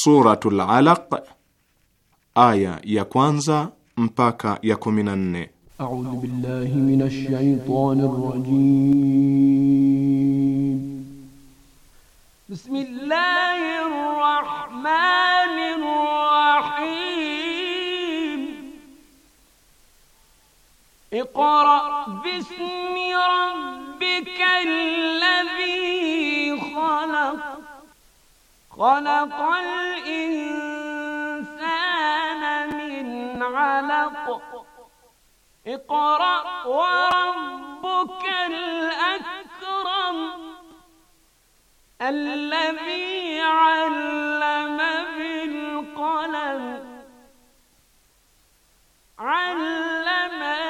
Suratul Alaq aya ya kwanza mpaka ya 14. A'udhu billahi minash shaitanir rajim. Bismillahir rahmanir rahim. Iqra bismi rabbikal ladhi khalaq خلق الإنسان من علق اقرأ وربك الأكرم الذي علم بالقلم علم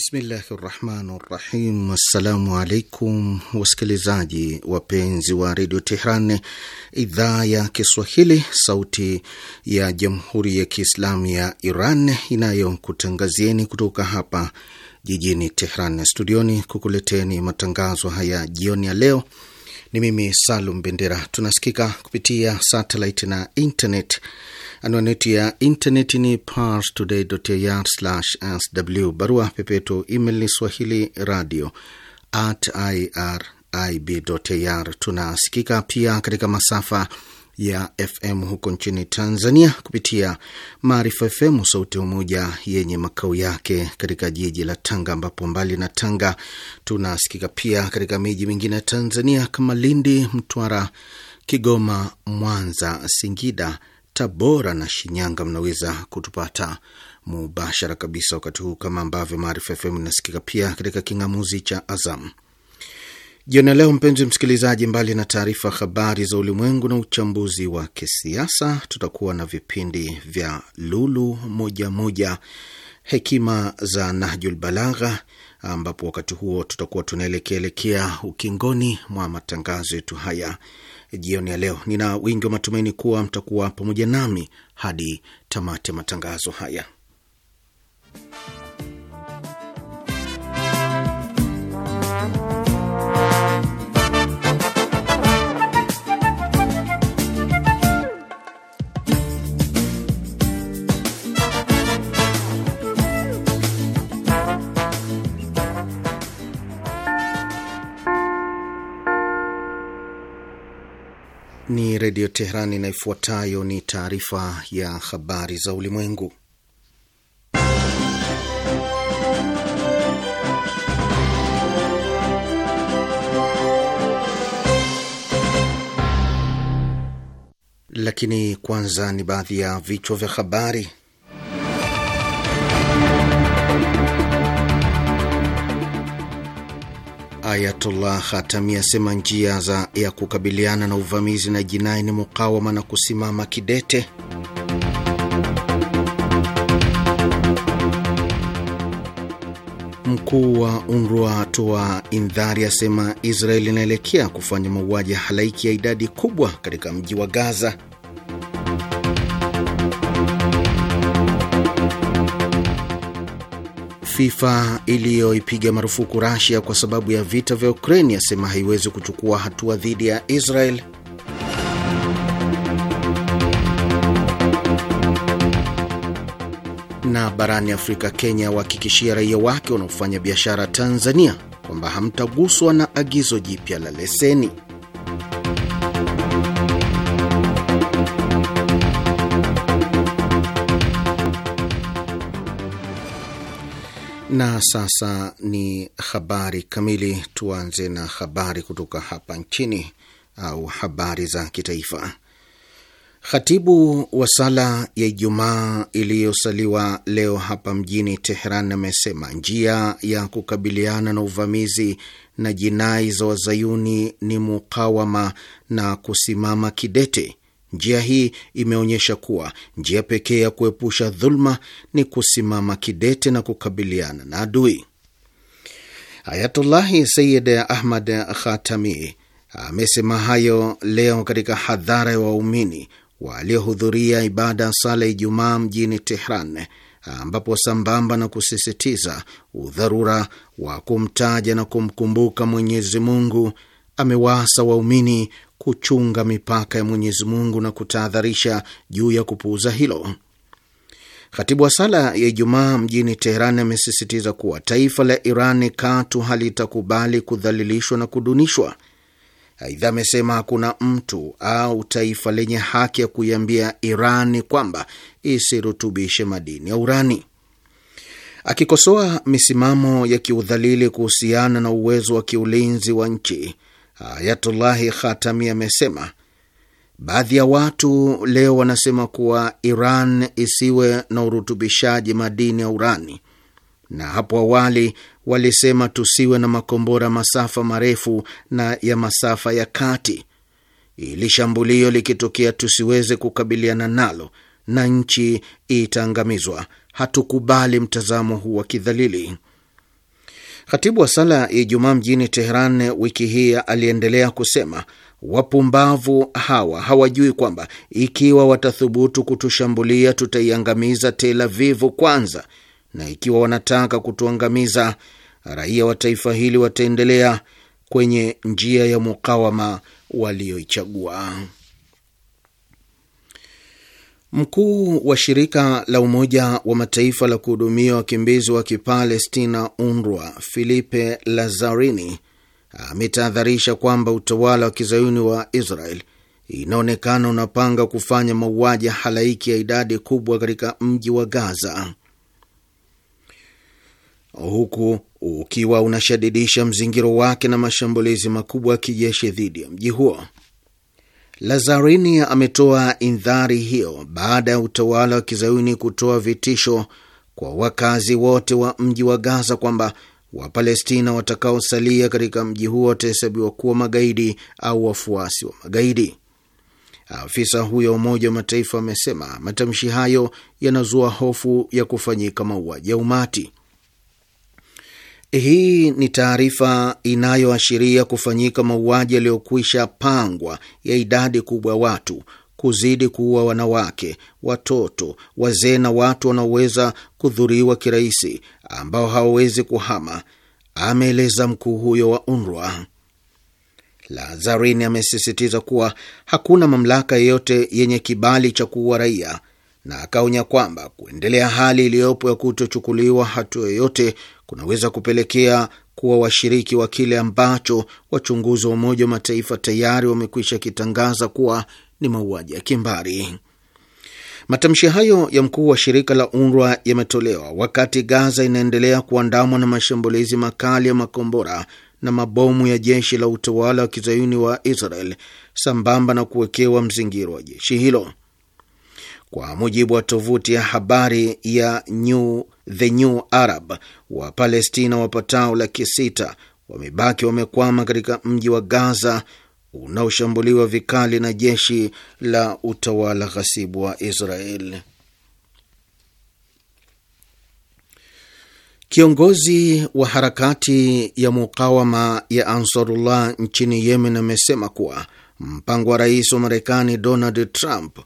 Bismillahi rahmani rahim. Assalamu alaikum wasikilizaji wapenzi wa redio Tehran, idhaa ya Kiswahili, sauti ya jamhuri ya kiislamu ya Iran inayokutangazieni kutoka hapa jijini Tehran studioni kukuleteni matangazo haya jioni ya leo. Ni mimi Salum Bendera. Tunasikika kupitia satelit na internet Anwani ya intaneti ni parstoday.ir/sw. Barua pepeto email ni swahili radio at irib.ir. Tunasikika pia katika masafa ya FM huko nchini Tanzania kupitia Maarifa FM sauti ya Umoja yenye makao yake katika jiji la Tanga, ambapo mbali na Tanga tunasikika pia katika miji mingine ya Tanzania kama Lindi, Mtwara, Kigoma, Mwanza, Singida Tabora na Shinyanga mnaweza kutupata mubashara kabisa wakati huu, kama ambavyo Maarifa FM inasikika pia katika king'amuzi cha Azam. Jioni ya leo, mpenzi msikilizaji, mbali na taarifa habari za ulimwengu na uchambuzi wa kisiasa, tutakuwa na vipindi vya Lulu moja moja, hekima za Nahjul Balagha, ambapo wakati huo tutakuwa tunaelekeelekea ukingoni mwa matangazo yetu haya jioni ya leo. Nina wingi wa matumaini kuwa mtakuwa pamoja nami hadi tamati matangazo haya. Ni Redio Teherani, inayofuatayo ni taarifa ya habari za ulimwengu. Lakini kwanza ni baadhi ya vichwa vya habari. Ayatullah Khatami asema njia za ya kukabiliana na uvamizi na jinai ni mukawama na kusimama kidete. Mkuu wa UNRWA atoa indhari, asema Israeli inaelekea kufanya mauaji ya halaiki ya idadi kubwa katika mji wa Gaza. FIFA iliyoipiga marufuku Rasia kwa sababu ya vita vya Ukraini yasema haiwezi kuchukua hatua dhidi ya Israel. Na barani Afrika, Kenya wahakikishia raia wake wanaofanya biashara Tanzania kwamba hamtaguswa na agizo jipya la leseni. Na sasa ni habari kamili. Tuanze na habari kutoka hapa nchini au habari za kitaifa. Khatibu wa sala ya Ijumaa iliyosaliwa leo hapa mjini Teheran amesema njia ya kukabiliana na uvamizi na jinai za wazayuni ni mukawama na kusimama kidete Njia hii imeonyesha kuwa njia pekee ya kuepusha dhuluma ni kusimama kidete na kukabiliana na adui. Ayatullahi Sayid Ahmad Khatami amesema hayo leo katika hadhara ya wa waumini waliohudhuria ibada sala Ijumaa mjini Tehran, ambapo sambamba na kusisitiza udharura wa kumtaja na kumkumbuka Mwenyezi Mungu amewaasa waumini kuchunga mipaka ya Mwenyezi Mungu na kutahadharisha juu ya kupuuza hilo. Khatibu wa sala ya Ijumaa mjini Teheran amesisitiza kuwa taifa la Irani katu halitakubali kudhalilishwa na kudunishwa. Aidha, amesema hakuna mtu au taifa lenye haki ya kuiambia Irani kwamba isirutubishe madini ya urani. Akikosoa misimamo ya kiudhalili kuhusiana na uwezo wa kiulinzi wa nchi, Ayatullahi Khatami amesema baadhi ya watu leo wanasema kuwa Iran isiwe na urutubishaji madini ya urani, na hapo awali walisema tusiwe na makombora masafa marefu na ya masafa ya kati, ili shambulio likitokea tusiweze kukabiliana nalo na nchi itaangamizwa. Hatukubali mtazamo huu wa kidhalili. Khatibu wa sala ya Ijumaa mjini Teheran wiki hii aliendelea kusema wapumbavu hawa hawajui kwamba ikiwa watathubutu kutushambulia tutaiangamiza Tel Avivu kwanza, na ikiwa wanataka kutuangamiza raia wa taifa hili wataendelea kwenye njia ya mukawama walioichagua. Mkuu wa shirika la Umoja wa Mataifa la kuhudumia wakimbizi wa Kipalestina, UNRWA, Filipe Lazarini ametahadharisha kwamba utawala wa kizayuni wa Israel inaonekana unapanga kufanya mauaji halaiki ya idadi kubwa katika mji wa Gaza, huku ukiwa unashadidisha mzingiro wake na mashambulizi makubwa ya kijeshi dhidi ya mji huo. Lazarini ametoa indhari hiyo baada ya utawala wa kizayuni kutoa vitisho kwa wakazi wote wa mji wa Gaza kwamba Wapalestina watakaosalia katika mji huo watahesabiwa kuwa magaidi au wafuasi wa magaidi. Afisa huyo wa Umoja wa Mataifa amesema matamshi hayo yanazua hofu ya kufanyika mauaji ya umati. Hii ni taarifa inayoashiria kufanyika mauaji yaliyokwisha pangwa ya idadi kubwa ya watu, kuzidi kuua wanawake, watoto, wazee na watu wanaoweza kudhuriwa kirahisi, ambao hawawezi kuhama, ameeleza mkuu huyo wa UNRWA. Lazarini amesisitiza kuwa hakuna mamlaka yeyote yenye kibali cha kuua raia na akaonya kwamba kuendelea hali iliyopo ya kutochukuliwa hatua yoyote kunaweza kupelekea kuwa washiriki wa kile ambacho wachunguzi wa Umoja wa Mataifa tayari wamekwisha kitangaza kuwa ni mauaji ya kimbari. Matamshi hayo ya mkuu wa shirika la UNRWA yametolewa wakati Gaza inaendelea kuandamwa na mashambulizi makali ya makombora na mabomu ya jeshi la utawala wa kizayuni wa Israel sambamba na kuwekewa mzingiro wa jeshi hilo. Kwa mujibu wa tovuti ya habari ya New, The New Arab, wa palestina wapatao laki sita wamebaki wamekwama katika mji wa Gaza unaoshambuliwa vikali na jeshi la utawala ghasibu wa Israel. Kiongozi wa harakati ya mukawama ya Ansarullah nchini Yemen amesema kuwa mpango wa rais wa Marekani Donald Trump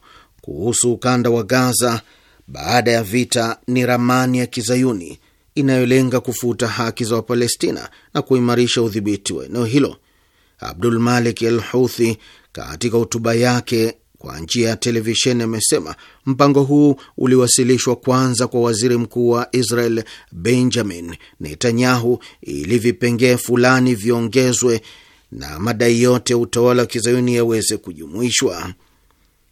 kuhusu ukanda wa Gaza baada ya vita ni ramani ya kizayuni inayolenga kufuta haki za Wapalestina na kuimarisha udhibiti wa eneo hilo. Abdul Malik al Houthi katika hotuba yake kwa njia ya televisheni amesema mpango huu uliwasilishwa kwanza kwa waziri mkuu wa Israel Benjamin Netanyahu ili vipengee fulani viongezwe na madai yote ya utawala wa kizayuni yaweze kujumuishwa.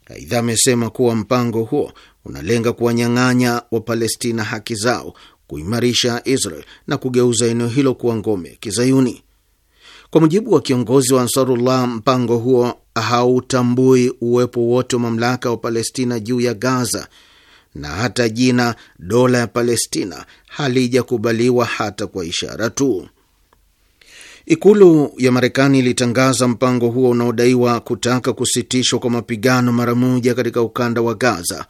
Aidha, amesema kuwa mpango huo unalenga kuwanyang'anya Wapalestina haki zao, kuimarisha Israel na kugeuza eneo hilo kuwa ngome ya Kizayuni. Kwa mujibu wa kiongozi wa Ansarullah, mpango huo hautambui uwepo wote wa mamlaka wa Palestina juu ya Gaza, na hata jina dola ya Palestina halijakubaliwa hata kwa ishara tu. Ikulu ya Marekani ilitangaza mpango huo unaodaiwa kutaka kusitishwa kwa mapigano mara moja katika ukanda wa Gaza,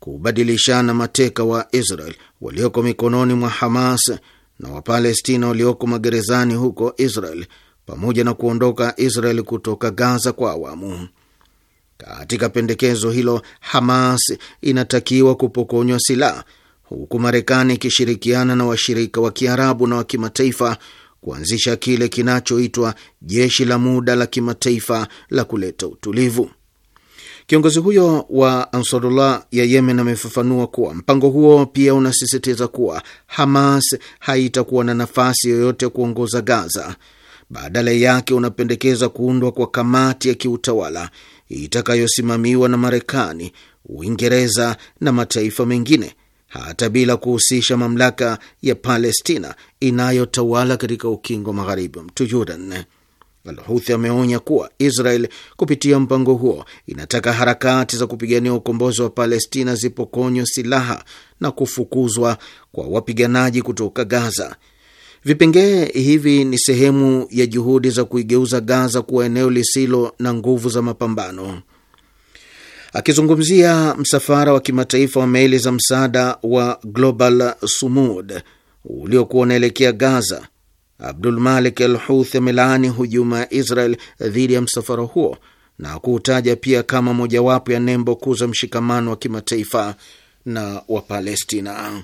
kubadilishana mateka wa Israel walioko mikononi mwa Hamas na Wapalestina walioko magerezani huko Israel, pamoja na kuondoka Israel kutoka Gaza kwa awamu. Katika pendekezo hilo, Hamas inatakiwa kupokonywa silaha, huku Marekani ikishirikiana na washirika wa Kiarabu na wa kimataifa kuanzisha kile kinachoitwa jeshi la muda la kimataifa la kuleta utulivu. Kiongozi huyo wa Ansarullah ya Yemen amefafanua kuwa mpango huo pia unasisitiza kuwa Hamas haitakuwa na nafasi yoyote kuongoza Gaza. Badala yake, unapendekeza kuundwa kwa kamati ya kiutawala itakayosimamiwa na Marekani, Uingereza na mataifa mengine hata bila kuhusisha mamlaka ya Palestina inayotawala katika ukingo magharibi mto Jordan. Alhuthi ameonya kuwa Israel kupitia mpango huo inataka harakati za kupigania ukombozi wa Palestina zipokonywe silaha na kufukuzwa kwa wapiganaji kutoka Gaza. Vipengee hivi ni sehemu ya juhudi za kuigeuza Gaza kuwa eneo lisilo na nguvu za mapambano. Akizungumzia msafara wa kimataifa wa meli za msaada wa Global Sumud uliokuwa unaelekea Gaza, Abdul Malik Al Huthi amelaani hujuma ya Israel dhidi ya msafara huo na kuutaja pia kama mojawapo ya nembo kuu za mshikamano wa kimataifa na Wapalestina.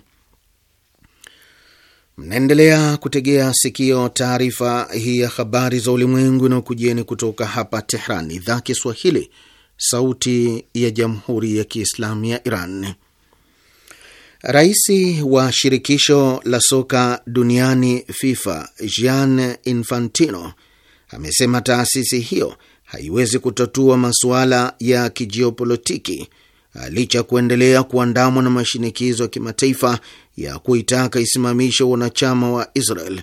Mnaendelea kutegea sikio taarifa hii ya habari za ulimwengu inayokujieni kutoka hapa Tehran, idhaa Kiswahili, Sauti ya Jamhuri ya Kiislamu ya Iran. Rais wa shirikisho la soka duniani FIFA Gian Infantino amesema taasisi hiyo haiwezi kutatua masuala ya kijiopolitiki licha kuendelea kuandamwa na mashinikizo ya kimataifa ya kuitaka isimamishe wanachama wa Israel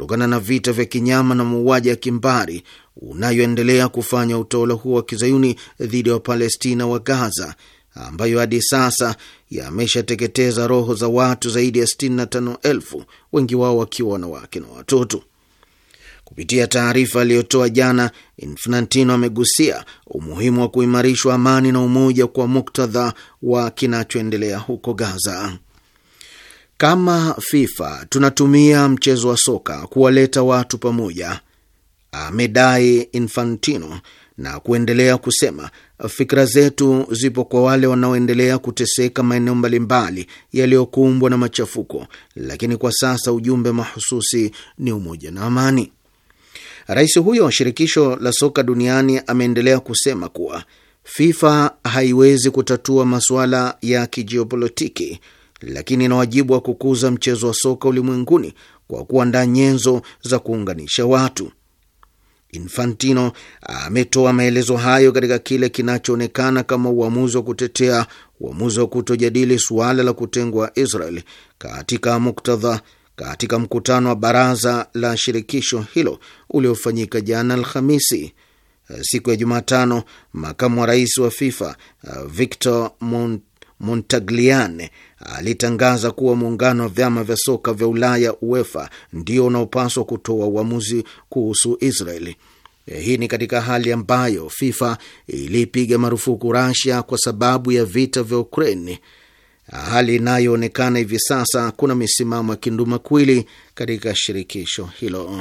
kutokana na vita vya kinyama na mauaji ya kimbari unayoendelea kufanya utawala huo wa kizayuni dhidi ya Wapalestina wa Gaza, ambayo hadi sasa yameshateketeza roho za watu zaidi ya 65,000 wengi wao wakiwa wanawake na watoto. Kupitia taarifa aliyotoa jana, Infantino amegusia umuhimu wa kuimarishwa amani na umoja kwa muktadha wa kinachoendelea huko Gaza. Kama FIFA tunatumia mchezo wa soka kuwaleta watu pamoja, amedai Infantino na kuendelea kusema, fikra zetu zipo kwa wale wanaoendelea kuteseka maeneo mbalimbali yaliyokumbwa na machafuko, lakini kwa sasa ujumbe mahususi ni umoja na amani. Rais huyo wa shirikisho la soka duniani ameendelea kusema kuwa FIFA haiwezi kutatua masuala ya kijiopolitiki lakini ina wajibu wa kukuza mchezo wa soka ulimwenguni kwa kuandaa nyenzo za kuunganisha watu. Infantino ametoa maelezo hayo katika kile kinachoonekana kama uamuzi wa kutetea uamuzi wa kutojadili suala la kutengwa Israel katika muktadha katika mkutano wa baraza la shirikisho hilo uliofanyika jana Alhamisi. Siku ya Jumatano, makamu wa rais wa FIFA eh, Victor Mont Montagliane alitangaza kuwa muungano wa vyama vya soka vya Ulaya UEFA ndio unaopaswa kutoa uamuzi kuhusu Israeli. Hii ni katika hali ambayo FIFA ilipiga marufuku Rasia kwa sababu ya vita vya Ukraini, hali inayoonekana hivi sasa kuna misimamo ya kindumakwili katika shirikisho hilo.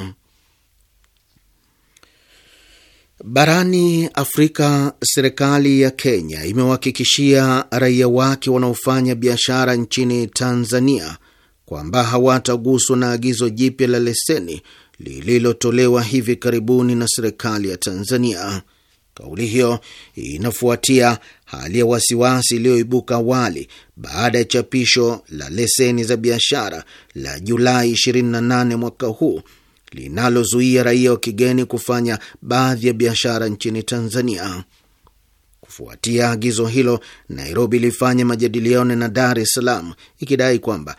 Barani Afrika, serikali ya Kenya imewahakikishia raia wake wanaofanya biashara nchini Tanzania kwamba hawataguswa na agizo jipya la leseni lililotolewa hivi karibuni na serikali ya Tanzania. Kauli hiyo inafuatia hali ya wasiwasi iliyoibuka awali baada ya chapisho la leseni za biashara la Julai 28 mwaka huu linalozuia raia wa kigeni kufanya baadhi ya biashara nchini Tanzania. Kufuatia agizo hilo, Nairobi ilifanya majadiliano na Dar es Salaam ikidai kwamba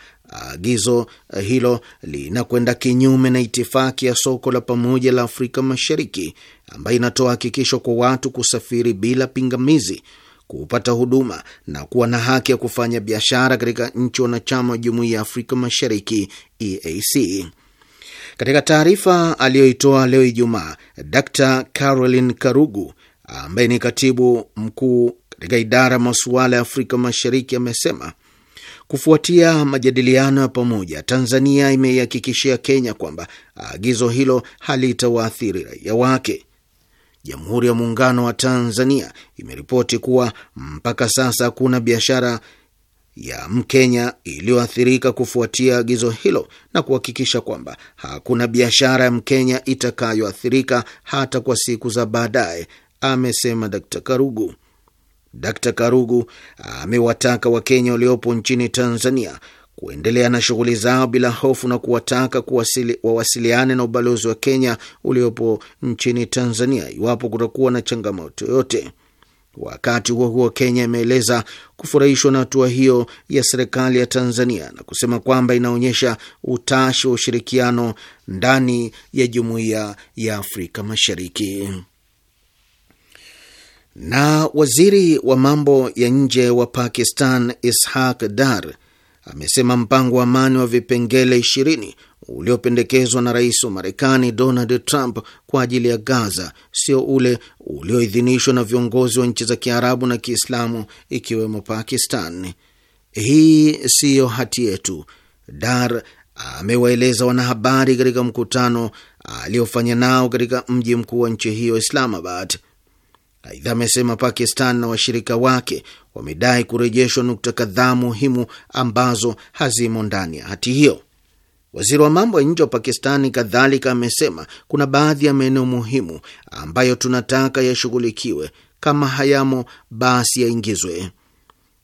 agizo hilo linakwenda kinyume na itifaki ya soko la pamoja la Afrika Mashariki ambayo inatoa hakikisho kwa watu kusafiri bila pingamizi, kupata huduma na kuwa na haki ya kufanya biashara katika nchi wanachama wa Jumuiya ya Afrika Mashariki EAC. Katika taarifa aliyoitoa leo Ijumaa, Dr Caroline Karugu ambaye ni katibu mkuu katika idara ya masuala ya Afrika Mashariki amesema kufuatia majadiliano ya pamoja, Tanzania imeihakikishia Kenya kwamba agizo hilo halitawaathiri raia wake. Jamhuri ya Muungano wa Tanzania imeripoti kuwa mpaka sasa hakuna biashara ya Mkenya iliyoathirika kufuatia agizo hilo na kuhakikisha kwamba hakuna biashara ya Mkenya itakayoathirika hata kwa siku za baadaye, amesema d Karugu. Dkt. Karugu amewataka Wakenya waliopo nchini Tanzania kuendelea na shughuli zao bila hofu na kuwataka kuwasili, wawasiliane na ubalozi wa Kenya uliopo nchini Tanzania iwapo kutakuwa na changamoto yoyote. Wakati huo huo, Kenya imeeleza kufurahishwa na hatua hiyo ya serikali ya Tanzania na kusema kwamba inaonyesha utashi wa ushirikiano ndani ya jumuiya ya Afrika Mashariki. Na waziri wa mambo ya nje wa Pakistan Ishaq Dar amesema mpango wa amani wa vipengele 20 uliopendekezwa na rais wa Marekani Donald Trump kwa ajili ya Gaza sio ule ulioidhinishwa na viongozi wa nchi za Kiarabu na Kiislamu ikiwemo Pakistan. Hii siyo hati yetu, Dar amewaeleza wanahabari katika mkutano aliofanya nao katika mji mkuu wa nchi hiyo Islamabad. Aidha, amesema Pakistan na washirika wake wamedai kurejeshwa nukta kadhaa muhimu ambazo hazimo ndani ya hati hiyo. Waziri wa mambo ya nje wa Pakistani kadhalika amesema kuna baadhi ya maeneo muhimu ambayo tunataka yashughulikiwe, kama hayamo basi yaingizwe.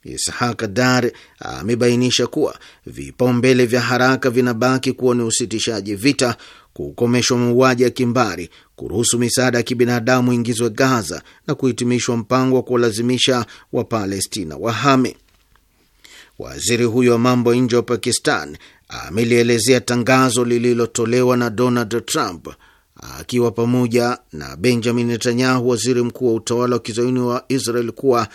Ishaq Dar amebainisha kuwa vipaumbele vya haraka vinabaki kuwa ni usitishaji vita, kukomeshwa mauaji ya kimbari, kuruhusu misaada ya kibinadamu ingizwe Gaza na kuhitimishwa mpango wa kuwalazimisha Wapalestina wahame. Waziri huyo wa mambo ya nje wa Pakistan amelielezea tangazo lililotolewa na Donald Trump akiwa pamoja na Benjamin Netanyahu, waziri mkuu wa utawala wa kizayuni wa Israel, kuwa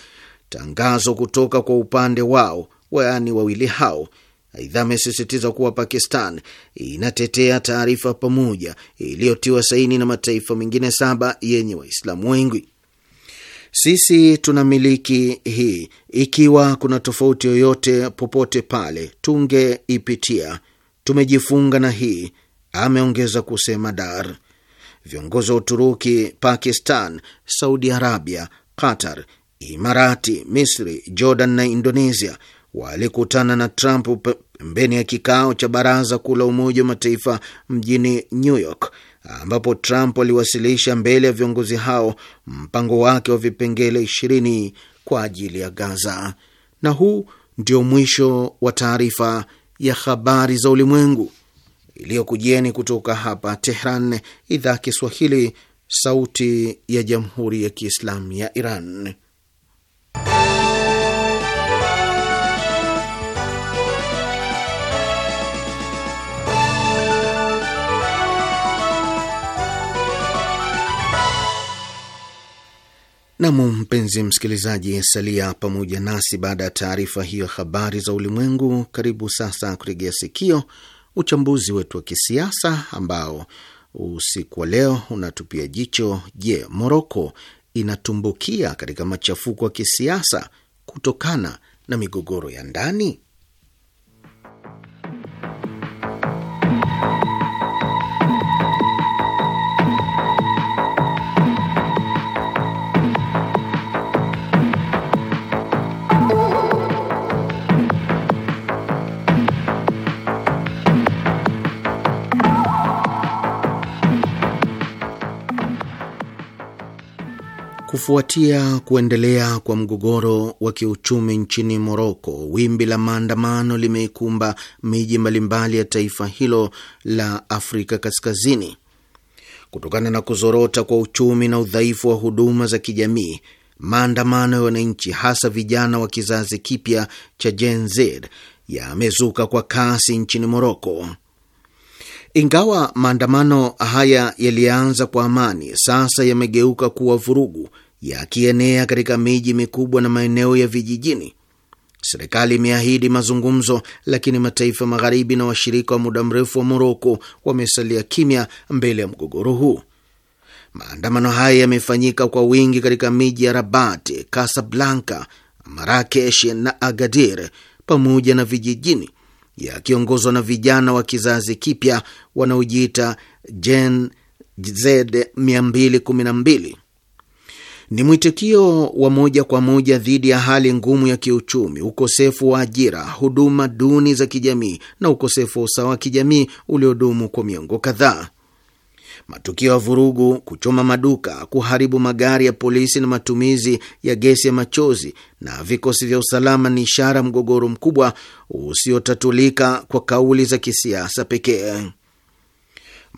tangazo kutoka kwa upande wao, yaani wawili hao, Aidha, amesisitiza kuwa Pakistan inatetea taarifa pamoja iliyotiwa saini na mataifa mengine saba yenye Waislamu wengi. Sisi tuna miliki hii, ikiwa kuna tofauti yoyote popote pale tungeipitia. Tumejifunga na hii, ameongeza kusema Dar. Viongozi wa Uturuki, Pakistan, Saudi Arabia, Qatar, Imarati, Misri, Jordan na Indonesia walikutana na Trump pembeni ya kikao cha baraza kuu la Umoja wa Mataifa mjini New York, ambapo Trump aliwasilisha mbele ya viongozi hao mpango wake wa vipengele ishirini kwa ajili ya Gaza. Na huu ndio mwisho wa taarifa ya habari za ulimwengu iliyokujieni kutoka hapa Tehran, idhaa Kiswahili, sauti ya jamhuri ya kiislamu ya Iran. Nam, mpenzi msikilizaji, salia pamoja nasi baada ya taarifa hiyo habari za ulimwengu. Karibu sasa kuregea sikio uchambuzi wetu wa kisiasa ambao usiku wa leo unatupia jicho: Je, Moroko inatumbukia katika machafuko ya kisiasa kutokana na migogoro ya ndani? Kufuatia kuendelea kwa mgogoro wa kiuchumi nchini Moroko, wimbi la maandamano limeikumba miji mbalimbali ya taifa hilo la Afrika Kaskazini. Kutokana na kuzorota kwa uchumi na udhaifu wa huduma za kijamii, maandamano ya wananchi, hasa vijana wa kizazi kipya cha Gen Z, yamezuka kwa kasi nchini Moroko. Ingawa maandamano haya yalianza kwa amani, sasa yamegeuka kuwa vurugu, yakienea katika miji mikubwa na maeneo ya vijijini. Serikali imeahidi mazungumzo, lakini mataifa magharibi na washirika wa muda mrefu wa Moroko wamesalia kimya mbele ya mgogoro huu. Maandamano haya yamefanyika kwa wingi katika miji ya Rabati, Kasablanka, Marakesh na Agadir pamoja na vijijini yakiongozwa na vijana wa kizazi kipya wanaojiita Gen Z 212 ni mwitikio wa moja kwa moja dhidi ya hali ngumu ya kiuchumi, ukosefu wa ajira, huduma duni za kijamii na ukosefu wa usawa wa kijamii uliodumu kwa miongo kadhaa. Matukio ya vurugu, kuchoma maduka, kuharibu magari ya polisi na matumizi ya gesi ya machozi na vikosi vya usalama ni ishara mgogoro mkubwa usiotatulika kwa kauli za kisiasa pekee.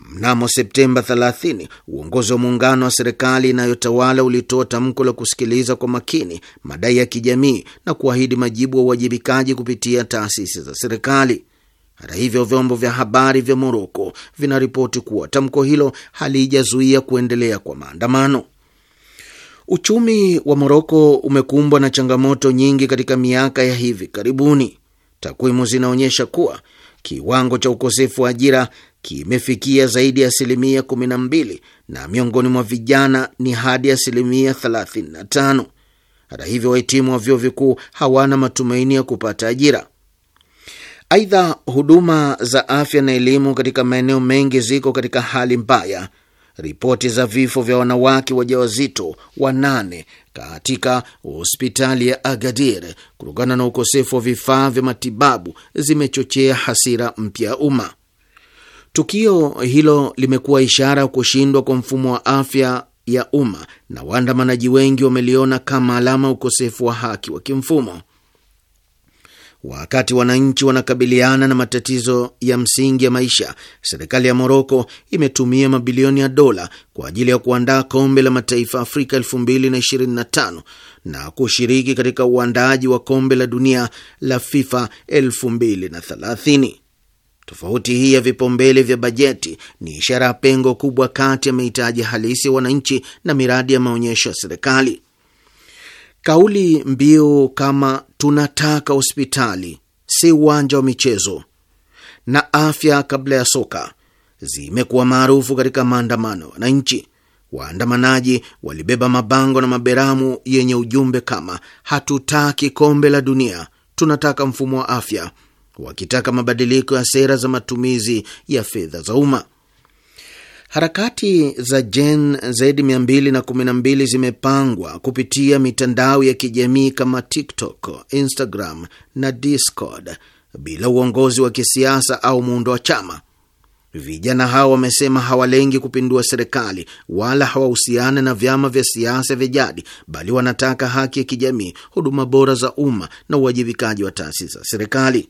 Mnamo Septemba 30 uongozi wa muungano wa serikali inayotawala ulitoa tamko la kusikiliza kwa makini madai ya kijamii na kuahidi majibu ya uwajibikaji kupitia taasisi za serikali. Hata hivyo, vyombo vya habari vya Moroko vinaripoti kuwa tamko hilo halijazuia kuendelea kwa maandamano. Uchumi wa Moroko umekumbwa na changamoto nyingi katika miaka ya hivi karibuni. Takwimu zinaonyesha kuwa kiwango cha ukosefu wa ajira kimefikia zaidi ya asilimia 12 na miongoni mwa vijana ni hadi asilimia 35. Hata hivyo, wahitimu wa vyuo vikuu hawana matumaini ya kupata ajira. Aidha, huduma za afya na elimu katika maeneo mengi ziko katika hali mbaya. Ripoti za vifo vya wanawake wajawazito wanane katika hospitali ya Agadir kutokana na ukosefu wa vifaa vya matibabu zimechochea hasira mpya ya umma. Tukio hilo limekuwa ishara ya kushindwa kwa mfumo wa afya ya umma na waandamanaji wengi wameliona kama alama ukosefu wa haki wa kimfumo. Wakati wananchi wanakabiliana na matatizo ya msingi ya maisha, serikali ya Moroko imetumia mabilioni ya dola kwa ajili ya kuandaa kombe la mataifa Afrika 2025 na kushiriki katika uandaaji wa kombe la dunia la FIFA 2030. Tofauti hii ya vipaumbele vya bajeti ni ishara ya pengo kubwa kati ya mahitaji halisi ya wananchi na miradi ya maonyesho ya serikali. Kauli mbiu kama tunataka hospitali si uwanja wa michezo na afya kabla ya soka zimekuwa maarufu katika maandamano ya wananchi. Waandamanaji walibeba mabango na maberamu yenye ujumbe kama hatutaki kombe la dunia, tunataka mfumo wa afya, wakitaka mabadiliko ya sera za matumizi ya fedha za umma. Harakati za Gen Z 212 zimepangwa kupitia mitandao ya kijamii kama TikTok, Instagram na Discord bila uongozi wa kisiasa au muundo wa chama. Vijana hao wamesema hawalengi kupindua serikali wala hawahusiana na vyama vya siasa vya jadi, bali wanataka haki ya kijamii, huduma bora za umma na uwajibikaji wa taasisi za serikali.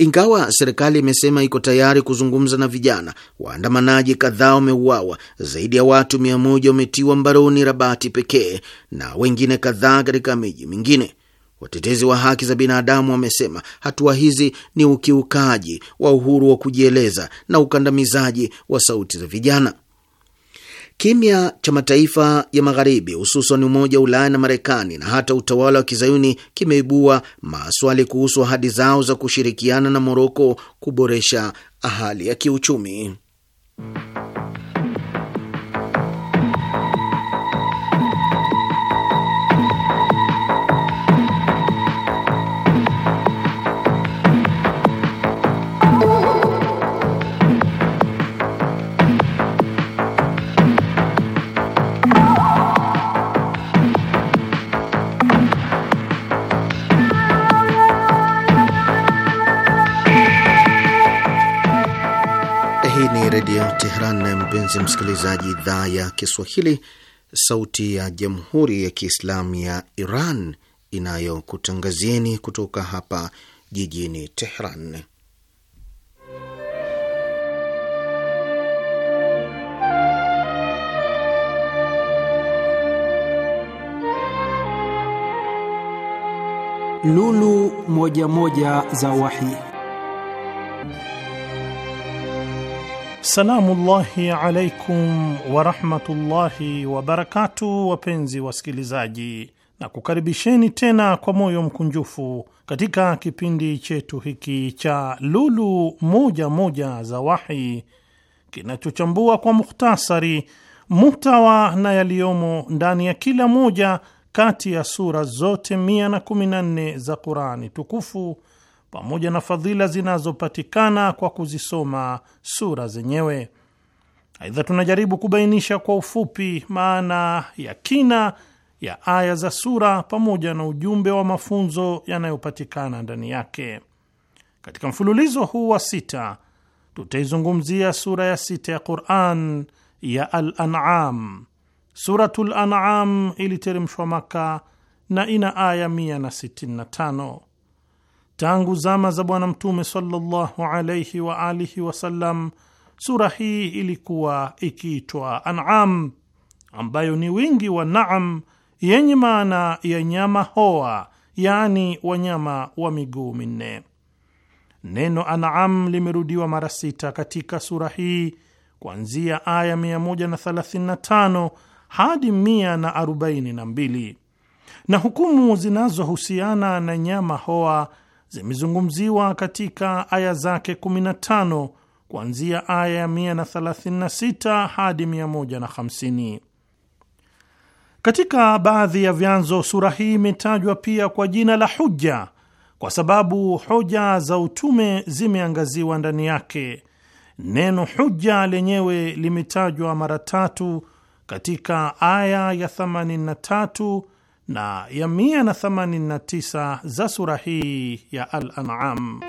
Ingawa serikali imesema iko tayari kuzungumza na vijana, waandamanaji kadhaa wameuawa, zaidi ya watu mia moja wametiwa mbaroni Rabati pekee na wengine kadhaa katika miji mingine. Watetezi wa haki za binadamu wamesema hatua hizi ni ukiukaji wa uhuru wa kujieleza na ukandamizaji wa sauti za vijana. Kimya cha mataifa ya Magharibi, hususan Umoja wa Ulaya na Marekani na hata utawala wa kizayuni kimeibua maswali kuhusu ahadi zao za kushirikiana na Moroko kuboresha hali ya kiuchumi. mpenzi msikilizaji, idhaa ya Kiswahili, sauti ya jamhuri ya kiislamu ya Iran inayokutangazieni kutoka hapa jijini Tehran. Lulu moja moja za Wahi. Salamullahi alaikum warahmatullahi wabarakatu, wapenzi wasikilizaji, na kukaribisheni tena kwa moyo mkunjufu katika kipindi chetu hiki cha Lulu Moja Moja za Wahi kinachochambua kwa mukhtasari muhtawa na yaliyomo ndani ya kila moja kati ya sura zote 114 za Qurani tukufu pamoja na fadhila zinazopatikana kwa kuzisoma sura zenyewe. Aidha, tunajaribu kubainisha kwa ufupi maana ya kina ya aya za sura pamoja na ujumbe wa mafunzo yanayopatikana ndani yake. Katika mfululizo huu wa sita tutaizungumzia sura ya sita ya Quran ya Al-An'am. Suratul An'am iliteremshwa Maka na ina aya 165. Tangu zama za Bwana Mtume sallallahu alaihi wa alihi wasallam, sura hii ilikuwa ikiitwa An'am, ambayo ni wingi wa naam yenye maana ya nyama hoa, yaani wanyama wa miguu minne. Neno An'am limerudiwa mara sita katika sura hii kuanzia aya 135 hadi 142 na hukumu zinazohusiana na nyama hoa zimezungumziwa katika aya zake 15 kuanzia aya ya 136 hadi 150. Katika baadhi ya vyanzo sura hii imetajwa pia kwa jina la Hujja kwa sababu hoja za utume zimeangaziwa ndani yake. Neno hujja lenyewe limetajwa mara tatu katika aya ya 83 na ya 189 za sura hii ya Al-An'am.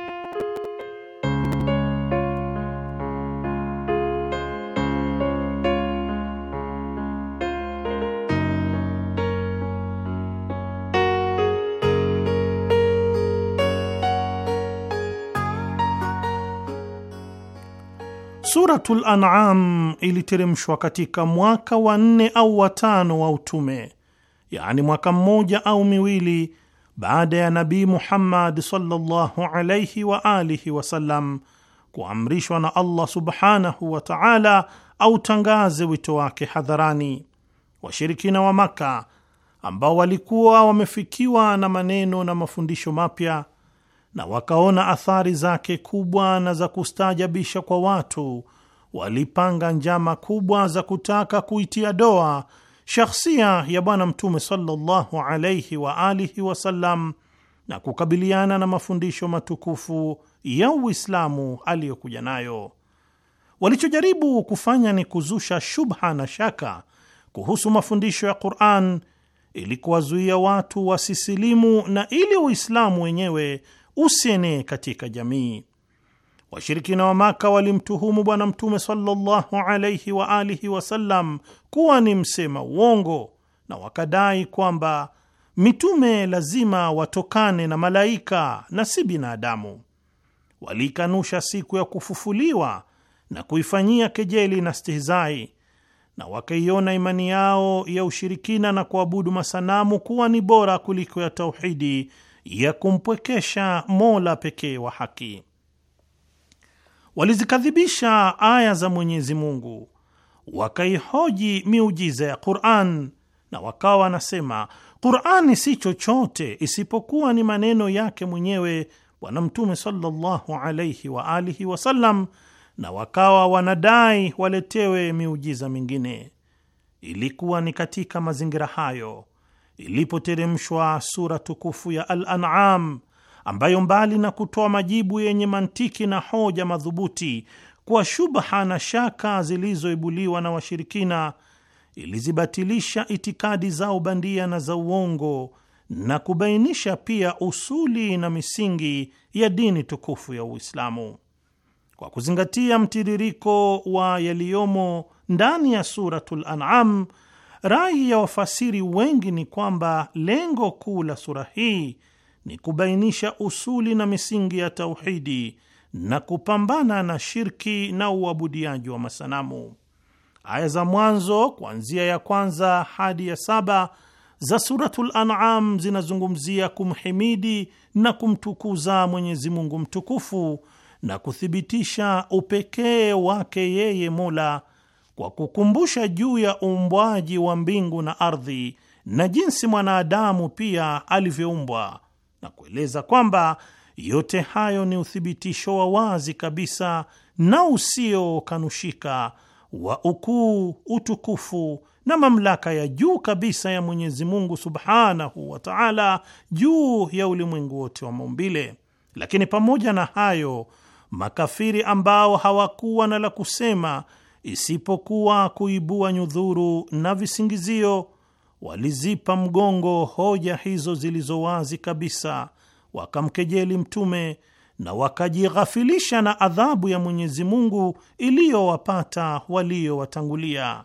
Suratul An'am iliteremshwa katika mwaka wa nne au watano wa utume yaani mwaka mmoja au miwili baada ya Nabii Muhammad sallallahu alayhi wa alihi wasallam kuamrishwa na Allah subhanahu wa ta'ala autangaze wito wake hadharani. Washirikina wa Maka ambao walikuwa wamefikiwa na maneno na mafundisho mapya na wakaona athari zake kubwa na za kustaajabisha kwa watu, walipanga njama kubwa za kutaka kuitia doa shakhsia ya Bwana Mtume sallallahu alaihi wa alihi wasallam na kukabiliana na mafundisho matukufu ya Uislamu aliyokuja nayo. Walichojaribu kufanya ni kuzusha shubha na shaka kuhusu mafundisho ya Qur'an ili kuwazuia watu wasisilimu na ili Uislamu wenyewe usienee katika jamii. Washirikina wa Maka walimtuhumu Bwana Mtume sallallahu alaihi wa alihi wasallam kuwa ni msema uongo, na wakadai kwamba mitume lazima watokane na malaika na si binadamu. Waliikanusha siku ya kufufuliwa na kuifanyia kejeli na stihizai, na wakaiona imani yao ya ushirikina na kuabudu masanamu kuwa ni bora kuliko ya tauhidi ya kumpwekesha Mola pekee wa haki. Walizikadhibisha aya za Mwenyezi Mungu, wakaihoji miujiza ya Qur'an na wakawa wanasema Qur'ani si chochote isipokuwa ni maneno yake mwenyewe Bwana Mtume sallallahu alaihi wa alihi wasallam, na wakawa wanadai waletewe miujiza mingine. Ilikuwa ni katika mazingira hayo ilipoteremshwa sura tukufu ya Al-An'am ambayo mbali na kutoa majibu yenye mantiki na hoja madhubuti kwa shubha na shaka zilizoibuliwa na washirikina, ilizibatilisha itikadi zao bandia na za uongo na kubainisha pia usuli na misingi ya dini tukufu ya Uislamu. Kwa kuzingatia mtiririko wa yaliyomo ndani ya Suratul An'am, rai ya wafasiri wengi ni kwamba lengo kuu la sura hii ni kubainisha usuli na misingi ya tauhidi na kupambana na shirki na uabudiaji wa masanamu. Aya za mwanzo kuanzia ya kwanza hadi ya saba za Suratul An'am zinazungumzia kumhimidi na kumtukuza Mwenyezi Mungu mtukufu na kuthibitisha upekee wake yeye Mola kwa kukumbusha juu ya uumbwaji wa mbingu na ardhi na jinsi mwanadamu pia alivyoumbwa na kueleza kwamba yote hayo ni uthibitisho wa wazi kabisa na usiokanushika wa ukuu, utukufu na mamlaka ya juu kabisa ya Mwenyezi Mungu Subhanahu wa Ta'ala juu ya ulimwengu wote wa maumbile. Lakini pamoja na hayo, makafiri ambao hawakuwa na la kusema isipokuwa kuibua nyudhuru na visingizio walizipa mgongo hoja hizo zilizo wazi kabisa, wakamkejeli Mtume na wakajighafilisha na adhabu ya Mwenyezi Mungu iliyowapata waliowatangulia,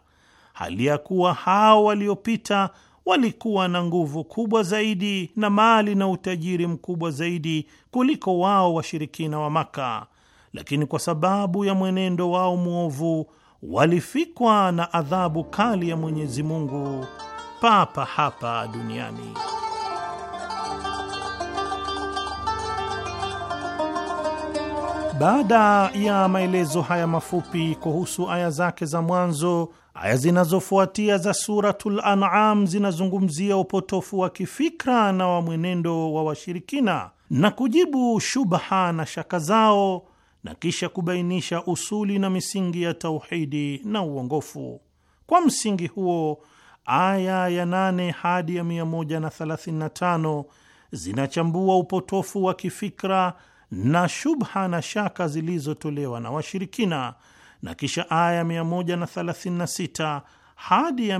hali ya kuwa hao waliopita walikuwa na nguvu kubwa zaidi na mali na utajiri mkubwa zaidi kuliko wao washirikina wa Maka, lakini kwa sababu ya mwenendo wao mwovu walifikwa na adhabu kali ya Mwenyezi Mungu papa hapa duniani. Baada ya maelezo haya mafupi kuhusu aya zake za mwanzo, aya zinazofuatia za Suratul An'am zinazungumzia upotofu wa kifikra na wa mwenendo wa washirikina na kujibu shubha na shaka zao na kisha kubainisha usuli na misingi ya tauhidi na uongofu. Kwa msingi huo aya ya 8 hadi ya 135 zinachambua upotofu wa kifikra na shubha na shaka zilizotolewa na washirikina, na kisha aya 136 hadi ya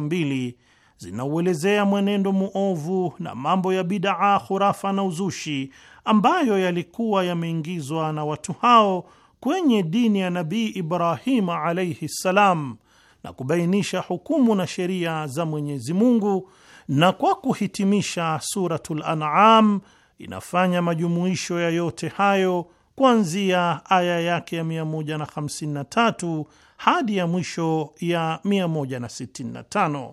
mbili zinauelezea mwenendo muovu na mambo ya bidaa, khurafa na uzushi ambayo yalikuwa yameingizwa na watu hao kwenye dini ya Nabii Ibrahima alaihi ssalam na kubainisha hukumu na sheria za Mwenyezi Mungu, na kwa kuhitimisha Suratul An'am inafanya majumuisho ya yote hayo kuanzia aya yake ya 153 hadi ya mwisho ya 165.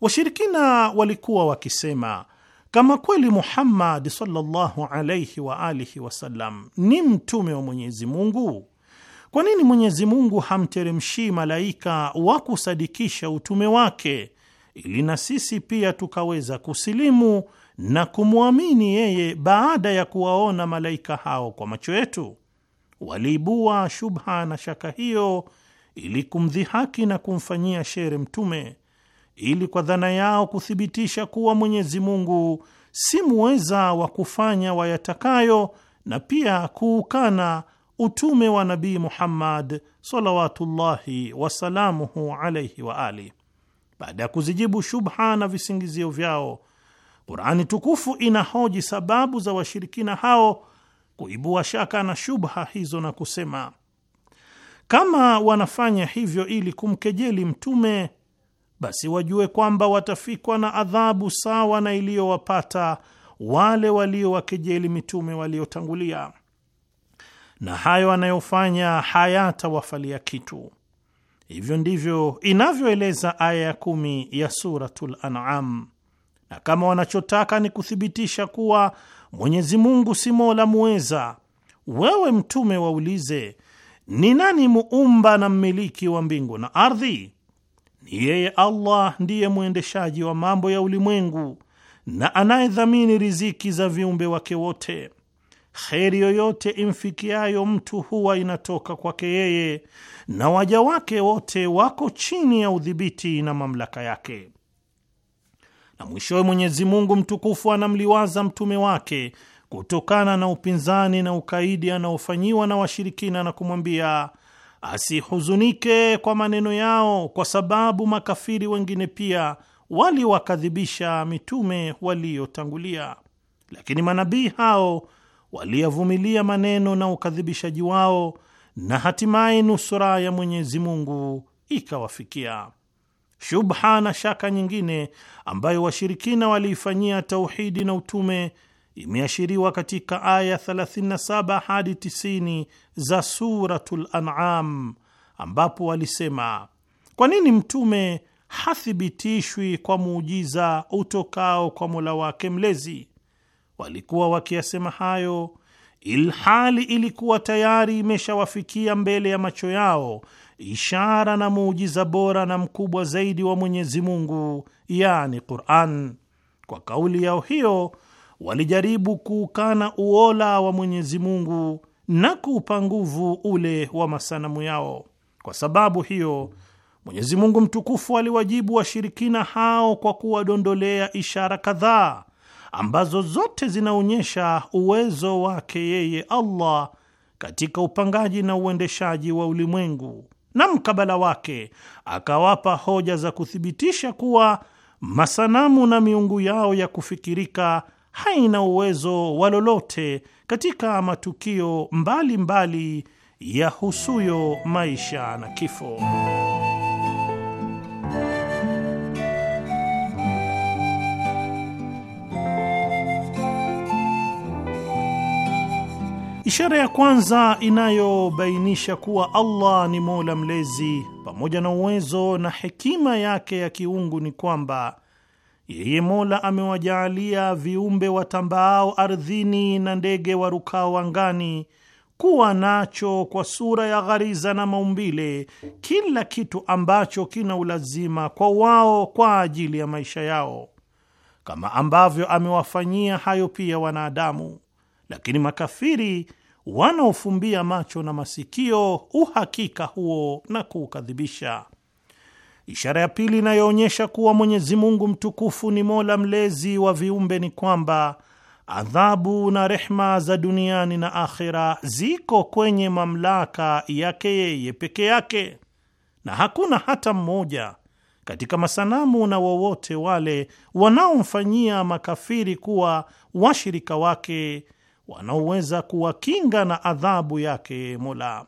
Washirikina walikuwa wakisema kama kweli Muhammad sallallahu alayhi wa alihi wasallam ni mtume wa Mwenyezi Mungu, kwa nini Mwenyezi Mungu hamteremshii malaika wa kusadikisha utume wake ili na sisi pia tukaweza kusilimu na kumwamini yeye baada ya kuwaona malaika hao kwa macho yetu? Waliibua shubha na shaka hiyo ili kumdhihaki na kumfanyia shere Mtume, ili kwa dhana yao kuthibitisha kuwa Mwenyezi Mungu si muweza wa kufanya wayatakayo na pia kuukana utume wa Nabii Muhammad salawatullahi wasalamuhu alaihi wa ali. Baada ya kuzijibu shubha na visingizio vyao, Qurani tukufu inahoji sababu za washirikina hao kuibua shaka na shubha hizo na kusema, kama wanafanya hivyo ili kumkejeli Mtume, basi wajue kwamba watafikwa na adhabu sawa na iliyowapata wale waliowakejeli mitume waliotangulia na hayo anayofanya hayatawafalia kitu. Hivyo ndivyo inavyoeleza aya ya kumi ya Suratul An'am. Na kama wanachotaka ni kuthibitisha kuwa Mwenyezi Mungu si mola muweza, wewe mtume waulize, ni nani muumba na mmiliki wa mbingu na ardhi? Ni yeye Allah, ndiye mwendeshaji wa mambo ya ulimwengu na anayedhamini riziki za viumbe wake wote kheri yoyote imfikiayo mtu huwa inatoka kwake yeye, na waja wake wote wako chini ya udhibiti na mamlaka yake. Na mwishowe Mwenyezi Mungu mtukufu anamliwaza mtume wake kutokana na upinzani na ukaidi anaofanyiwa na washirikina na kumwambia asihuzunike kwa maneno yao, kwa sababu makafiri wengine pia waliwakadhibisha mitume waliotangulia, lakini manabii hao waliyavumilia maneno na ukadhibishaji wao, na hatimaye nusura ya Mwenyezi Mungu ikawafikia. Shubha na shaka nyingine ambayo washirikina waliifanyia tauhidi na utume imeashiriwa katika aya 37 hadi 90 za Suratul An'am, ambapo walisema, kwa nini mtume hathibitishwi kwa muujiza utokao kwa Mola wake mlezi walikuwa wakiyasema hayo ilhali ilikuwa tayari imeshawafikia mbele ya macho yao ishara na muujiza bora na mkubwa zaidi wa Mwenyezi Mungu, yani Quran. Kwa kauli yao hiyo walijaribu kuukana uola wa Mwenyezi Mungu na kuupa nguvu ule wa masanamu yao. Kwa sababu hiyo Mwenyezi Mungu mtukufu aliwajibu washirikina hao kwa kuwadondolea ishara kadhaa ambazo zote zinaonyesha uwezo wake yeye Allah katika upangaji na uendeshaji wa ulimwengu, na mkabala wake akawapa hoja za kuthibitisha kuwa masanamu na miungu yao ya kufikirika haina uwezo wa lolote katika matukio mbalimbali yahusuyo maisha na kifo. Ishara ya kwanza inayobainisha kuwa Allah ni Mola mlezi pamoja na uwezo na hekima yake ya kiungu ni kwamba yeye Mola amewajaalia viumbe watambaao ardhini na ndege warukao angani kuwa nacho kwa sura ya ghariza na maumbile kila kitu ambacho kina ulazima kwa wao kwa ajili ya maisha yao, kama ambavyo amewafanyia hayo pia wanadamu. Lakini makafiri wanaofumbia macho na masikio uhakika huo na kuukadhibisha. Ishara ya pili inayoonyesha kuwa Mwenyezi Mungu mtukufu ni mola mlezi wa viumbe ni kwamba adhabu na rehma za duniani na akhera ziko kwenye mamlaka yake yeye peke yake, na hakuna hata mmoja katika masanamu na wowote wale wanaomfanyia makafiri kuwa washirika wake wanaoweza kuwakinga na adhabu yake Mola.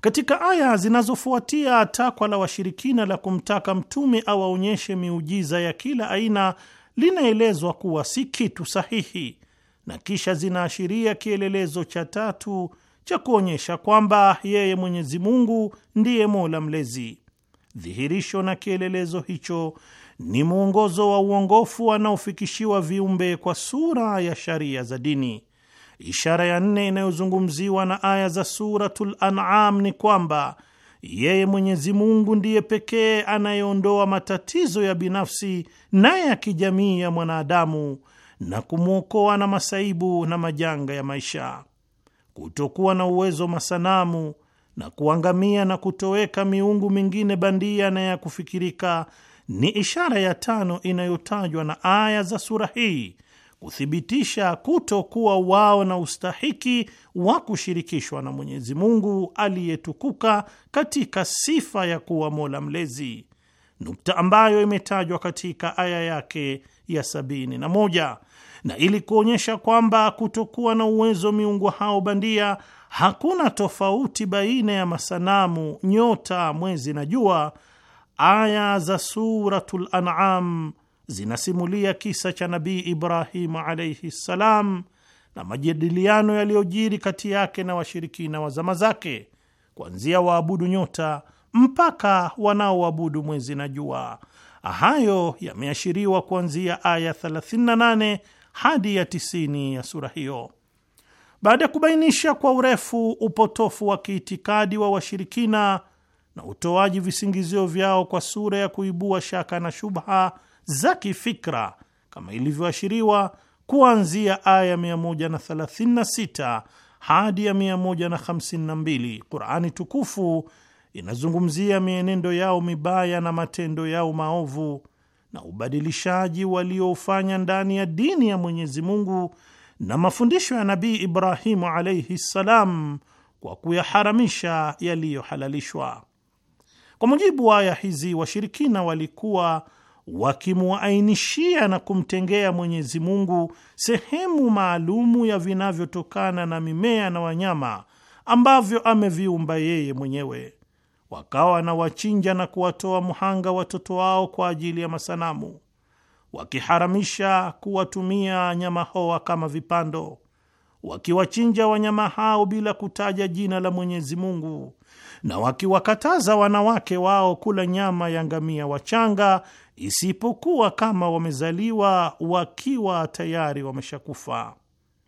Katika aya zinazofuatia takwa la washirikina la kumtaka mtume awaonyeshe miujiza ya kila aina linaelezwa kuwa si kitu sahihi, na kisha zinaashiria kielelezo cha tatu cha kuonyesha kwamba yeye Mwenyezi Mungu ndiye Mola Mlezi. Dhihirisho na kielelezo hicho ni mwongozo wa uongofu wanaofikishiwa viumbe kwa sura ya sharia za dini. Ishara ya nne inayozungumziwa na aya za Suratul An'am ni kwamba yeye Mwenyezi Mungu ndiye pekee anayeondoa matatizo ya binafsi na ya kijamii ya mwanadamu na kumwokoa na masaibu na majanga ya maisha. Kutokuwa na uwezo masanamu na kuangamia na kutoweka miungu mingine bandia na ya kufikirika ni ishara ya tano inayotajwa na aya za sura hii kuthibitisha kutokuwa wao na ustahiki wa kushirikishwa na Mwenyezi Mungu aliyetukuka katika sifa ya kuwa Mola mlezi, nukta ambayo imetajwa katika aya yake ya sabini na moja na ili kuonyesha kwamba kutokuwa na uwezo miungu hao bandia hakuna tofauti baina ya masanamu, nyota, mwezi na jua, aya za Suratul An'am zinasimulia kisa cha Nabii Ibrahimu alaihi ssalam na majadiliano yaliyojiri kati yake na washirikina wa zama zake, kuanzia waabudu nyota mpaka wanaoabudu mwezi na jua. Hayo yameashiriwa kuanzia aya 38 hadi ya 90 ya sura hiyo. Baada ya kubainisha kwa urefu upotofu wa kiitikadi wa washirikina na utoaji visingizio vyao kwa sura ya kuibua shaka na shubha za kifikra kama ilivyoashiriwa kuanzia aya 136 hadi ya 152. Qurani tukufu inazungumzia mienendo yao mibaya na matendo yao maovu na ubadilishaji walioufanya ndani ya dini ya Mwenyezi Mungu na mafundisho ya Nabii Ibrahimu alaihi ssalam kwa kuyaharamisha yaliyohalalishwa. Kwa mujibu wa aya hizi, washirikina walikuwa wakimwainishia na kumtengea Mwenyezi Mungu sehemu maalumu ya vinavyotokana na mimea na wanyama ambavyo ameviumba yeye mwenyewe, wakawa na wachinja na kuwatoa mhanga watoto wao kwa ajili ya masanamu, wakiharamisha kuwatumia nyama hoa kama vipando, wakiwachinja wanyama hao bila kutaja jina la Mwenyezi Mungu na wakiwakataza wanawake wao kula nyama ya ngamia wachanga isipokuwa kama wamezaliwa wakiwa tayari wameshakufa.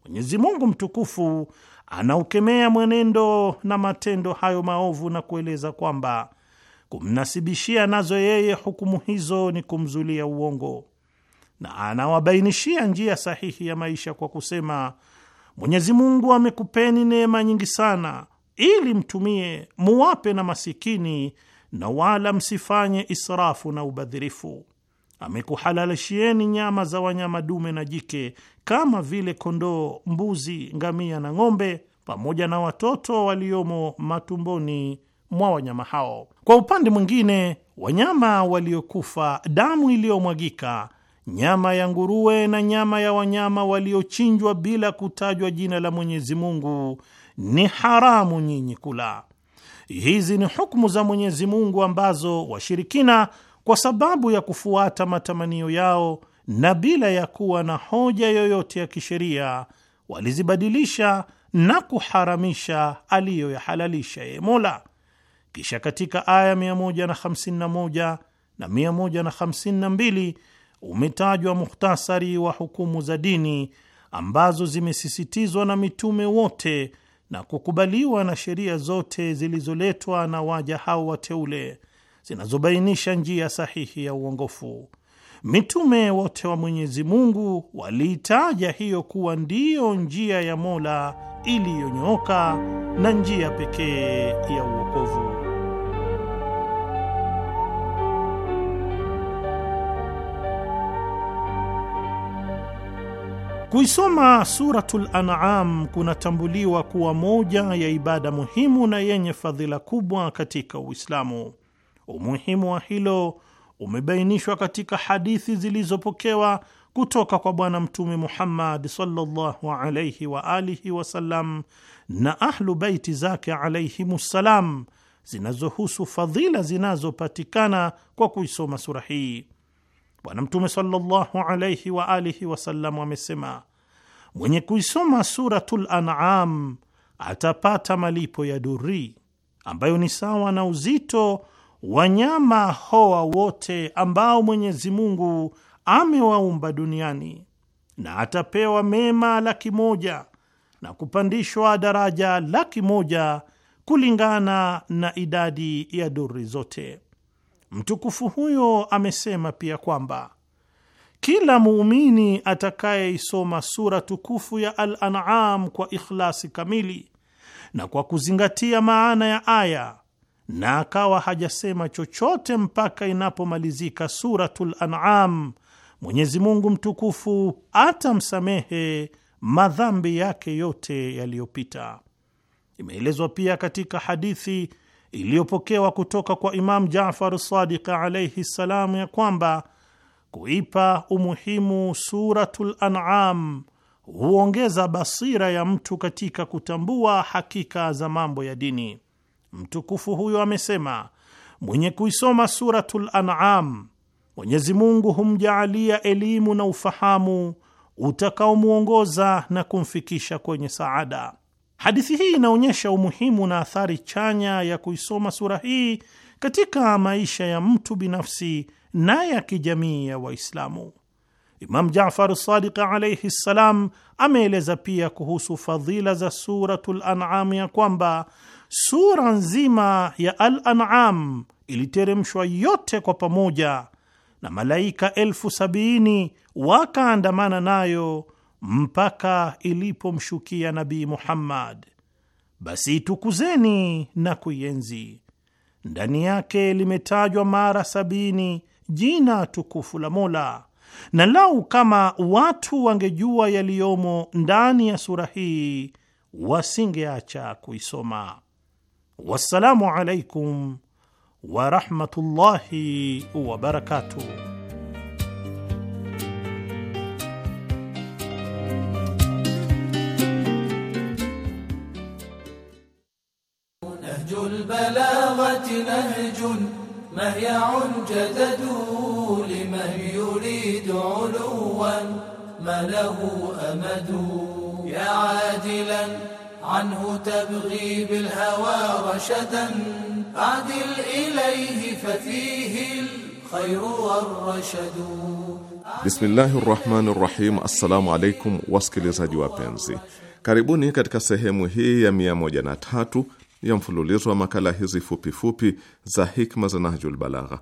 Mwenyezi Mungu mtukufu anaukemea mwenendo na matendo hayo maovu na kueleza kwamba kumnasibishia nazo yeye hukumu hizo ni kumzulia uongo, na anawabainishia njia sahihi ya maisha kwa kusema, Mwenyezi Mungu amekupeni neema nyingi sana, ili mtumie, muwape na masikini na wala msifanye israfu na ubadhirifu. Amekuhalalishieni nyama za wanyama dume na jike kama vile kondoo, mbuzi, ngamia na ng'ombe, pamoja na watoto waliomo matumboni mwa wanyama hao. Kwa upande mwingine, wanyama waliokufa, damu iliyomwagika, nyama ya nguruwe na nyama ya wanyama waliochinjwa bila kutajwa jina la Mwenyezi Mungu ni haramu nyinyi kula. Hizi ni hukumu za Mwenyezi Mungu ambazo washirikina, kwa sababu ya kufuata matamanio yao na bila ya kuwa na hoja yoyote ya kisheria, walizibadilisha na kuharamisha aliyoyahalalisha yeye Mola. Kisha katika aya 151 na 152 umetajwa muhtasari wa hukumu za dini ambazo zimesisitizwa na mitume wote na kukubaliwa na sheria zote zilizoletwa na waja hao wateule zinazobainisha njia sahihi ya uongofu. Mitume wote wa Mwenyezi Mungu waliitaja hiyo kuwa ndiyo njia ya Mola iliyonyooka na njia pekee ya uokovu. Kuisoma Suratul An'am kunatambuliwa kuwa moja ya ibada muhimu na yenye fadhila kubwa katika Uislamu. Umuhimu wa hilo umebainishwa katika hadithi zilizopokewa kutoka kwa Bwana Mtume Muhammad sallallahu alayhi wa alihi wasallam na Ahlu Baiti zake alayhimussalam, zinazohusu fadhila zinazopatikana kwa kuisoma sura hii. Bwana Mtume sallallahu alayhi wa alihi wasallam amesema, mwenye kuisoma Suratul An'am atapata malipo ya duri ambayo ni sawa na uzito wanyama hoa wote ambao Mwenyezi Mungu amewaumba duniani, na atapewa mema laki moja na kupandishwa daraja laki moja kulingana na idadi ya duri zote. Mtukufu huyo amesema pia kwamba kila muumini atakayeisoma sura tukufu ya Al-An'am kwa ikhlasi kamili na kwa kuzingatia maana ya aya na akawa hajasema chochote mpaka inapomalizika Suratul An'am, Mwenyezi Mungu mtukufu atamsamehe madhambi yake yote yaliyopita. Imeelezwa pia katika hadithi iliyopokewa kutoka kwa Imam Jafar Sadiq alaihi ssalam ya kwamba kuipa umuhimu Suratul An'am huongeza basira ya mtu katika kutambua hakika za mambo ya dini. Mtukufu huyo amesema, mwenye kuisoma Suratul An'am Mwenyezi Mungu humjaalia elimu na ufahamu utakaomwongoza na kumfikisha kwenye saada. Hadithi hii inaonyesha umuhimu na athari chanya ya kuisoma sura hii katika maisha ya mtu binafsi na ya kijamii ya Waislamu. Imam Jafar Sadiq alaihi ssalam ameeleza pia kuhusu fadhila za surat lanam ya kwamba sura nzima ya Al-An'am iliteremshwa yote kwa pamoja na malaika elfu sabini wakaandamana nayo mpaka ilipomshukia Nabii Muhammad, basi itukuzeni na kuienzi. Ndani yake limetajwa mara sabini jina tukufu la Mola, na lau kama watu wangejua yaliyomo ndani ya sura hii wasingeacha kuisoma. Wassalamu alaikum warahmatullahi wabarakatuh. البلاغة نهج مهيع جدد لمن يريد علوا ما له أمد يا عادلا عنه تبغي بالهوى رشدا عدل إليه ففيه الخير والرشد بسم الله الرحمن الرحيم السلام عليكم واسكليزاجي وابنزي karibuni katika sehemu hii ya mia moja na tatu ya mfululizo wa makala hizi fupifupi fupi za hikma za Nahjul Balagha.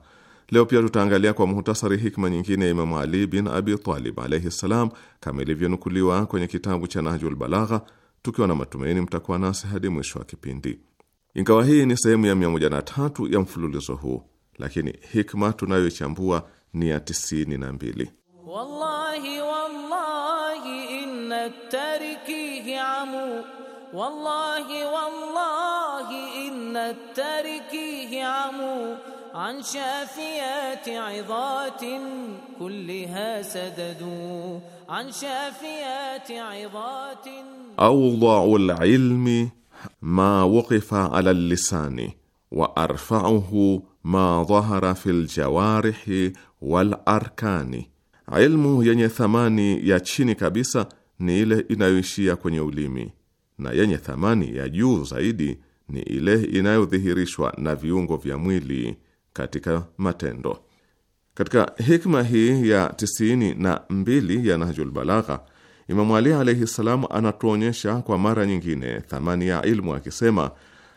Leo pia tutaangalia kwa muhtasari hikma nyingine ya Imamu Ali bin Abi Talib alaihi ssalam, kama ilivyonukuliwa kwenye kitabu cha Nahjul Balagha, tukiwa na matumaini mtakuwa nasi hadi mwisho wa kipindi. Ingawa hii ni sehemu ya 103 ya mfululizo huu, lakini hikma tunayoichambua ni ya 92. Wallahi wallahi inna والله والله إن التاركيه عمو عن شافيات عظات كلها سددوا عن شافيات عظات أوضع العلم ما وقف على اللسان وأرفعه ما ظهر في الجوارح والأركان. علم ينثماني thamani chini kabisa ni ile inayoishia kwenye ulimi na yenye thamani ya juu zaidi ni ile inayodhihirishwa na viungo vya mwili katika matendo. Katika hikma hii ya tisini na mbili ya Nahjul Balagha, Imamu Ali alaihi ssalam anatuonyesha kwa mara nyingine thamani ya ilmu akisema,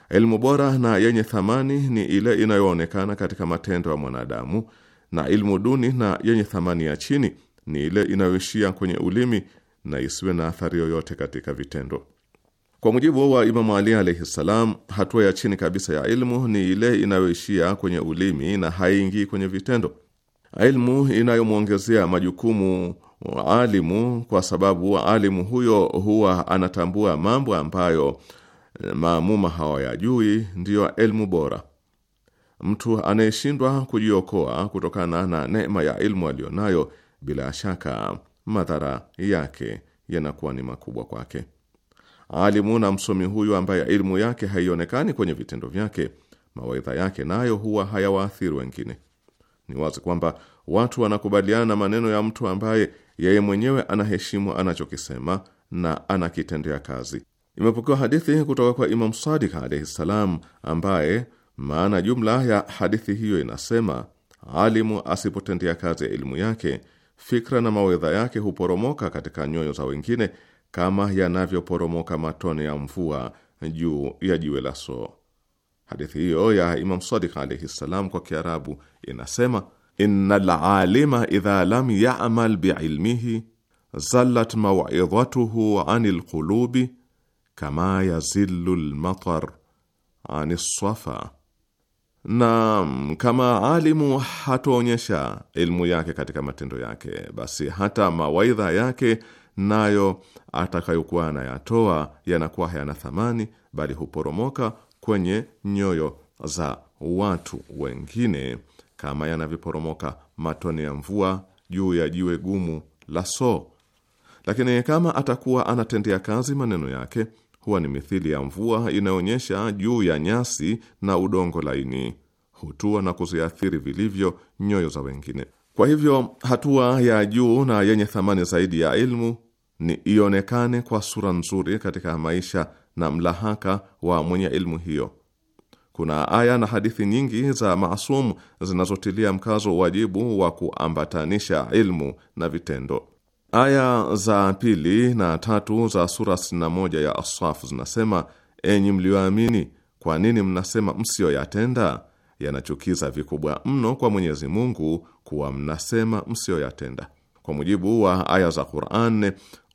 ilmu bora na yenye thamani ni ile inayoonekana katika matendo ya mwanadamu, na ilmu duni na yenye thamani ya chini ni ile inayoishia kwenye ulimi na isiwe na athari yoyote katika vitendo. Kwa mujibu wa Imamu Ali alaihi ssalam, hatua ya chini kabisa ya ilmu ni ile inayoishia kwenye ulimi na haingii kwenye vitendo. Ilmu inayomwongezea majukumu alimu, kwa sababu alimu huyo huwa anatambua mambo ambayo maamuma hawayajui, ndiyo ilmu bora. Mtu anayeshindwa kujiokoa kutokana na neema ya ilmu aliyonayo, bila shaka madhara yake yanakuwa ni makubwa kwake. Alimu na msomi huyu ambaye ilmu yake haionekani kwenye vitendo vyake, mawaidha yake nayo huwa hayawaathiri wengine. Ni wazi kwamba watu wanakubaliana na maneno ya mtu ambaye yeye mwenyewe anaheshimu anachokisema na anakitendea kazi. Imepokewa hadithi kutoka kwa Imam Sadik alaihi ssalam, ambaye maana jumla ya hadithi hiyo inasema, alimu asipotendea kazi ya elimu yake, fikra na mawaidha yake huporomoka katika nyoyo za wengine kama yanavyoporomoka matone ya mvua juu ya jiwe la soo. Hadithi hiyo ya Imam Sadiq alaihi ssalam kwa Kiarabu inasema innal lalima idha lam ya'mal biilmihi zallat maw'idhatuhu an lqulubi kama yazillu lmatar ani lswafa na kama alimu hatoonyesha ilmu yake katika matendo yake, basi hata mawaidha yake nayo atakayokuwa anayatoa yanakuwa hayana thamani, bali huporomoka kwenye nyoyo za watu wengine kama yanavyoporomoka matone ya mvua juu ya jiwe gumu la soo. Lakini kama atakuwa anatendea kazi maneno yake, huwa ni mithili ya mvua inayoonyesha juu ya nyasi na udongo laini, hutua na kuziathiri vilivyo nyoyo za wengine. Kwa hivyo hatua ya juu na yenye thamani zaidi ya ilmu ni ionekane kwa sura nzuri katika maisha na mlahaka wa mwenye ilmu hiyo. Kuna aya na hadithi nyingi za masum zinazotilia mkazo wajibu wa kuambatanisha ilmu na vitendo. Aya za pili na tatu za sura 61 ya Asaf zinasema: enyi mlioamini, kwa nini mnasema msiyoyatenda? Yanachukiza vikubwa mno kwa Mwenyezi Mungu kuwa mnasema msiyoyatenda. Kwa mujibu wa aya za Qur'an,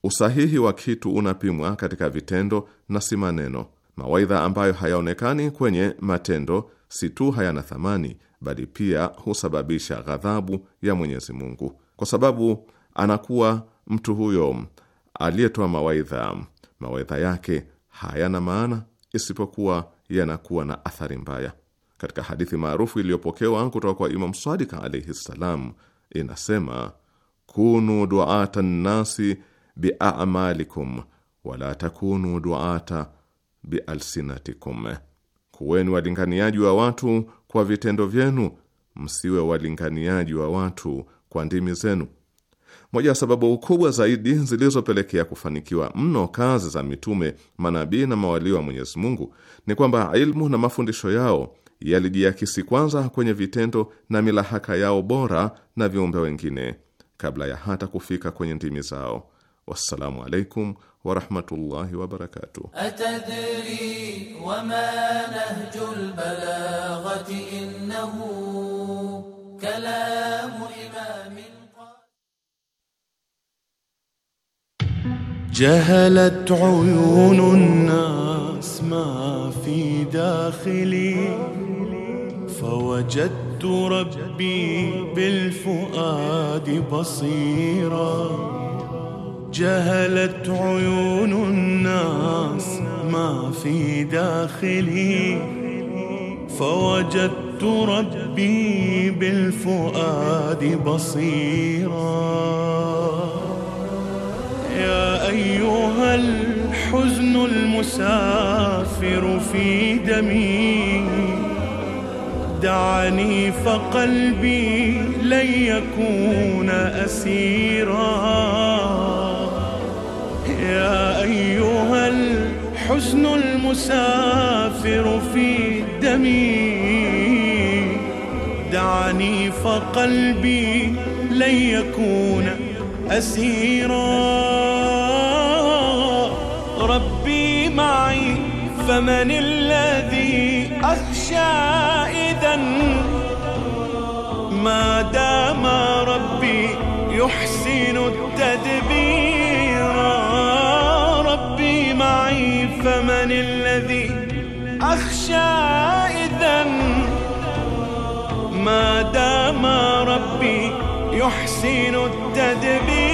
Usahihi wa kitu unapimwa katika vitendo na si maneno. Mawaidha ambayo hayaonekani kwenye matendo si tu hayana thamani, bali pia husababisha ghadhabu ya Mwenyezi Mungu, kwa sababu anakuwa mtu huyo aliyetoa mawaidha, mawaidha yake hayana maana, isipokuwa yanakuwa na athari mbaya. Katika hadithi maarufu iliyopokewa kutoka kwa Imam Swadika alaihi ssalam, inasema kunu duata nnasi biamalikum wala takunu duata bialsinatikum, kuweni walinganiaji wa watu kwa vitendo vyenu, msiwe walinganiaji wa watu kwa ndimi zenu. Moja ya sababu kubwa zaidi zilizopelekea kufanikiwa mno kazi za mitume, manabii na mawalio wa Mwenyezi Mungu ni kwamba ilmu na mafundisho yao yalijiakisi kwanza kwenye vitendo na milahaka yao bora na viumbe wengine kabla ya hata kufika kwenye ndimi zao. Wassalamu alaikum warahmatullahi wabarakatuh. Atadri wama nahjul balaghati innahu kalamu imamin جهلت عيون الناس ما في داخلي فوجدت ربي بالفؤاد بصيراً جهلت عيون الناس ما في داخلي فوجدت ربي بالفؤاد بصيرا يا أيها الحزن المسافر في دمي دعني فقلبي لن يكون أسيراً يا أيها الحزن المسافر في دمي دعني فقلبي لن يكون أسيرا ربي معي فمن الذي أخشى إذا ما دام ربي يحسن التدبير فمن الذي أخشى إذا ما دام ربي يحسن التدبير